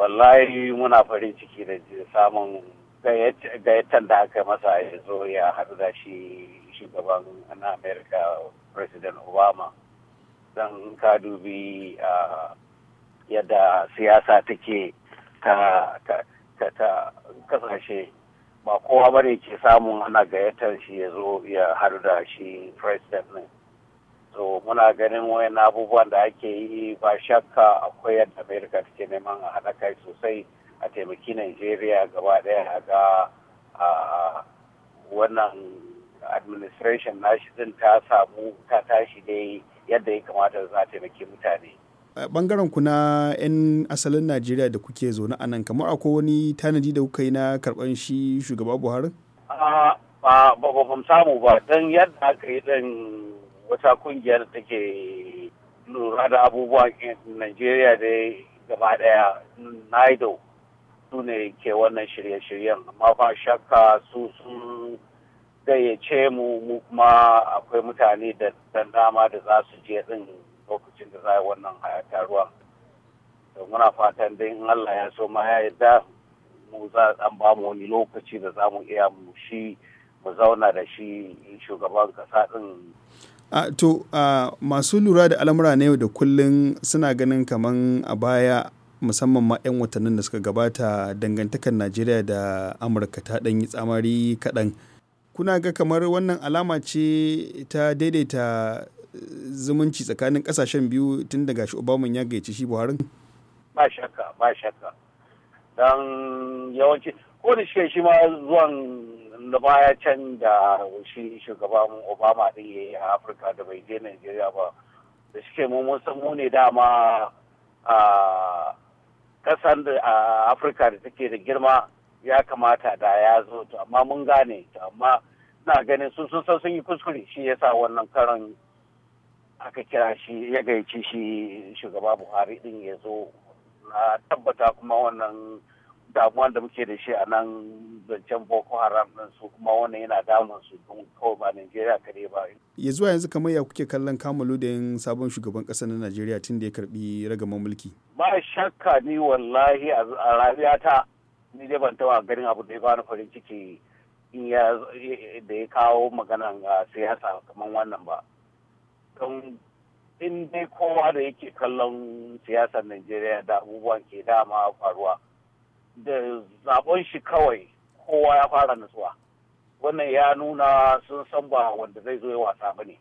wallahi muna farin ciki da samun gayyatar da aka masa ya zo ya haɗu da shi shugaban na america president obama don ka dubi yadda siyasa take ta kasashe ba kowa bane ke samun ana gayyatar shi ya zo ya haɗu da shi president ne so muna ganin wayan abubuwan da ake yi ba shakka akwai yadda amerika take neman a haɗa kai sosai a taimaki nigeria gaba ɗaya ga wannan administration nashi din ta samu ta tashi dai yadda ya kamata za a taimaki mutane bangaren ku na 'yan asalin najeriya da kuke zaune a nan kamar akwai wani tanadi da kuka yi na karban shi shugaba buhari ba ba samu ba don yadda aka yi din wata kungiyar da ke lura da abubuwan Najeriya da gaba daya Naido su ne ke wannan shirye-shiryen amma ba shakka su sun gayyace mu mu kuma akwai mutane da dan dama da za su je din lokacin da za a wannan hayataruwa Da muna fatan dai in Allah ya so ma ya yarda mu za an ba mu wani lokaci da za mu iya mu shi mu zauna da shi shugaban kasa din a to a masu lura da al'amura na yau da kullun suna ganin kaman a baya musamman ma 'yan watannin da suka gabata dangantakar najeriya da amurka ta ɗanyi tsamari kaɗan kuna ga kamar wannan alama ce ta daidaita zumunci tsakanin ƙasashen biyu tun daga shi obama ya gaici shi buharin ba shakka ba shakka don yawanci ko da shi ma zuwan na baya can da shi shugaban obama din ya yi a afirka da bai je nigeria ba da suke mun san mu ne dama a kasan da afirka da take da girma ya kamata da ya zo to amma mun gane to amma na ganin sun sun san sun yi kuskure shi yasa wannan karan aka kira shi ya gayyaci shi shugaba buhari din ya zo na tabbata kuma wannan damuwa da muke da shi a nan zancen boko haram din su kuma wani yana damun su don kawai ba najeriya kare ba ya zuwa yanzu kamar ya kuke kallon kamalu da yin sabon shugaban kasa na najeriya tun da ya karbi ragaman mulki ba shakka ni wallahi a rariya ta ni dai ban taba ganin abu da ya bani farin ciki in ya da ya kawo maganan siyasa kamar wannan ba don in dai kowa da yake kallon siyasar najeriya da abubuwan ke dama faruwa da zaben shi kawai kowa ya fara nutsuwa wannan ya nuna sun san ba wanda zai zo ya wasa ba ne